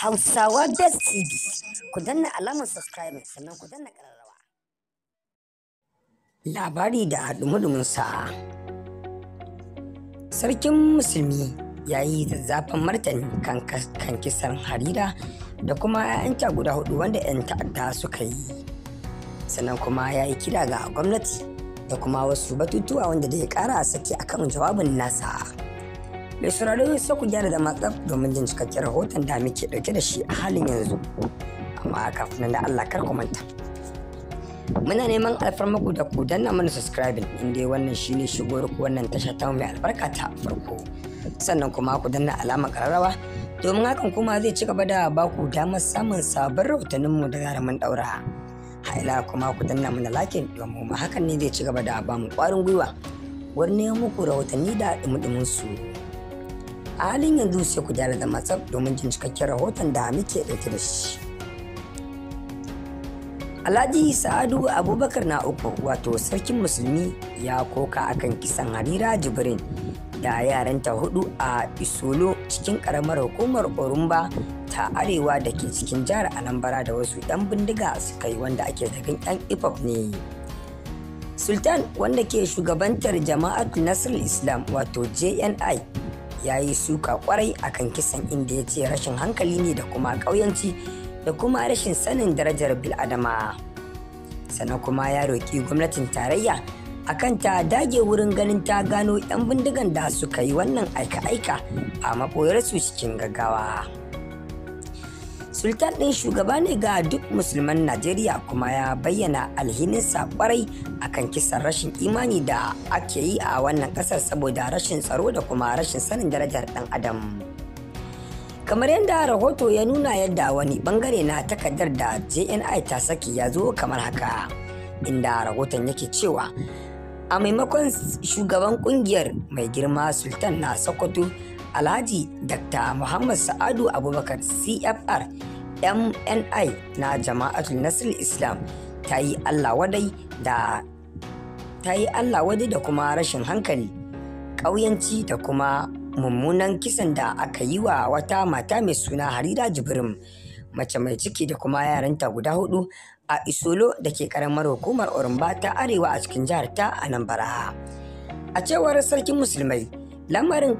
Hausawa Best TV, ku danna alamar subscribe sannan ku danna ƙararrawa. Labari da dumudumin sa. Sarkin Musulmi ya yi zazzafan martani kan kisan harira da kuma 'ya'yanta guda hudu wanda 'yan ta'adda suka yi. Sannan kuma ya yi kira ga gwamnati da kuma wasu batutuwa wanda da ya kara a sake kan jawabin nasa. Mai sauraron sauraro sa ku gyara da matsaf domin jin cikakken rahoton da muke dauke da shi a halin yanzu. Amma kafin da Allah kar ku manta. Muna neman alfarmaku da ku danna mana subscribing inda wannan shine shigowar ku wannan tasha ta mai albarka ta farko. Sannan kuma ku danna alamar kararrawa domin hakan kuma zai ci gaba da baku damar samun sabon rahotanninmu da zaramin daura. ila kuma ku danna mana lakin domin mu hakan ne zai ci gaba da ba mu kwarin gwiwa wurin neman muku rahotanni da dumudumin su a halin yanzu sai ku gyara da matsab domin jin cikakken rahoton da muke ɗauke da shi Alhaji Sa'adu Abubakar na uku wato sarkin musulmi ya koka akan kisan Harira Jibrin da yaranta hudu a Isolo cikin karamar hukumar Orumba ta arewa da ke cikin jihar anambra da wasu 'yan bindiga suka yi wanda ake zagin 'yan ipop ne sultan wanda ke shugabantar Jama'atu nasir islam wato jni ya yi suka kwarai akan kisan inda ya ce rashin hankali ne da kuma ƙauyanci da kuma rashin sanin darajar bil'adama sannan kuma ya roƙi gwamnatin tarayya a kan ta dage wurin ganin ta gano 'yan bindigan da suka yi wannan aika-aika a maɓoyarsu cikin gaggawa. sultan ɗin shugaba ne ga duk musulman najeriya kuma ya bayyana alhininsa a kan kisan rashin imani da ake yi a wannan ƙasar saboda rashin tsaro da kuma rashin sanin darajar ɗan adam kamar yadda rahoto ya nuna yadda wani bangare na takardar da jni ta saki ya zo kamar haka inda rahoton yake cewa a maimakon shugaban ƙungiyar mai girma sultan na sokoto alhaji dr muhammad sa'adu abubakar cfr mni na jama'atul nasir islam ta yi allah wadai da kuma rashin hankali ƙauyanci da kuma mummunan kisan da aka yi wa wata mata mai suna harira jibrin mace mai ciki da kuma yaranta guda hudu a isolo da ke karamar hukumar orumba ta arewa a cikin jihar ta a anambra a cewar sarkin musulmai lamarin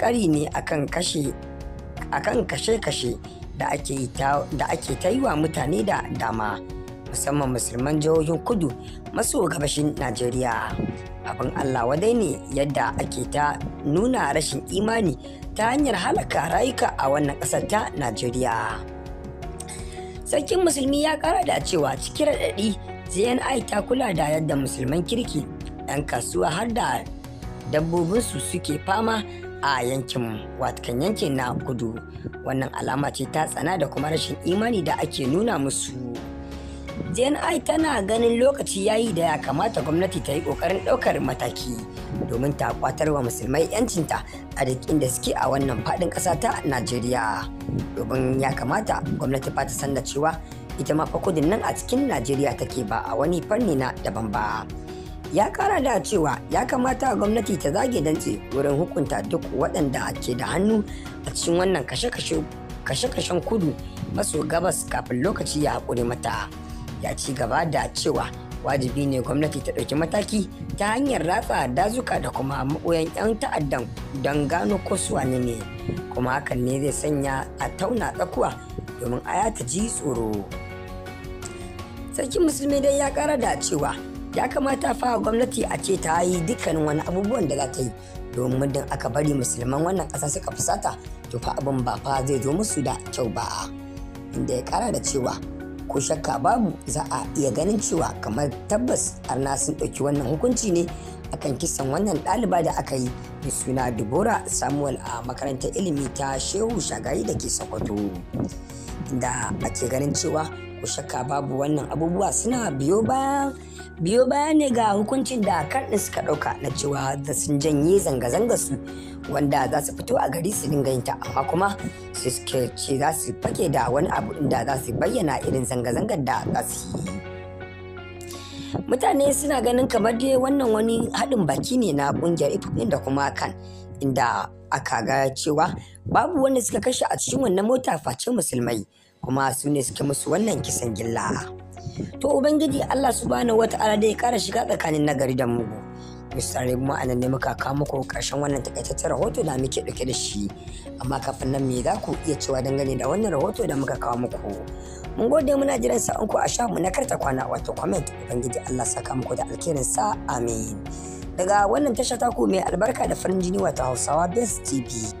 kari ne akan kashe kashe da ake ta yi wa mutane da dama musamman musulman jihohin kudu maso gabashin najeriya abin allah wadai ne yadda ake ta nuna rashin imani ta hanyar halaka rayuka a wannan ƙasar ta najeriya sarkin musulmi ya ƙara da cewa cikin raɗaɗi zni ta kula da yadda musulman kirki 'yan kasuwa har da dabbobinsu suke fama a yankin watakan yanki na kudu wannan alama ce ta tsana da kuma rashin imani da ake nuna musu jni tana ganin lokaci ya yi da ya kamata gwamnati ta yi kokarin ɗaukar mataki domin ta kwatar wa musulmai yancinta a duk inda suke a wannan faɗin ƙasa ta najeriya domin ya kamata gwamnati ba ta san da cewa ita ma fa kudin nan a cikin najeriya take ba a wani fanni na daban ba ya kara da cewa ya kamata gwamnati ta zage dantse wurin hukunta duk waɗanda ke da hannu a cikin wannan kashe-kashen kudu maso gabas kafin lokaci ya haƙuri mata ya ci gaba da cewa wajibi ne gwamnati ta ɗauki mataki ta hanyar ratsa dazuka da kuma maɓoyan 'yan ta'addan don gano ko ne kuma hakan ne zai sanya a tauna tsakuwa domin aya ta ji tsoro sarkin musulmi dai ya ƙara da cewa ya kamata fa gwamnati a ce ta yi dukkanin wani abubuwan da za ta yi domin muddin aka bari musulman wannan ƙasa suka fusata to fa abin ba fa zai zo musu da kyau ba inda ya kara da cewa ko shakka babu za a iya ganin cewa kamar tabbas arna sun ɗauki wannan hukunci ne akan kisan wannan ɗaliba da aka yi mai suna dubora samuel a makarantar ilimi ta shehu shagari da ke sokoto da ake ganin cewa ku shakka babu wannan abubuwa suna biyo baya biyo bayan ne ga hukuncin da karɗin suka ɗauka na cewa da sun janye zanga-zanga su wanda za su fito a gari su dinga yin ta amma kuma su suke ce za su fake da wani abu inda za su bayyana irin zanga-zangar da za su yi mutane suna ganin kamar dai wannan wani haɗin baki ne na ƙungiyar ifofin da kuma kan inda aka ga cewa babu wanda suka kashe a cikin wannan mota face musulmai kuma su ne suke musu wannan kisan gilla to ubangiji Allah subhanahu wata'ala dai kara shiga tsakanin nagari da mugu misali mu a nan ne muka kawo muku karshen wannan takaitaccen rahoto da muke dauke da shi amma kafin nan me za ku iya cewa dangane da wannan rahoto da muka kawo muku mun gode muna jiran sa'anku a shamu na karta kwana wato comment ubangiji Allah saka muku da alkhairin sa amin daga wannan tasha taku mai albarka da farin jini wata hausawa best tv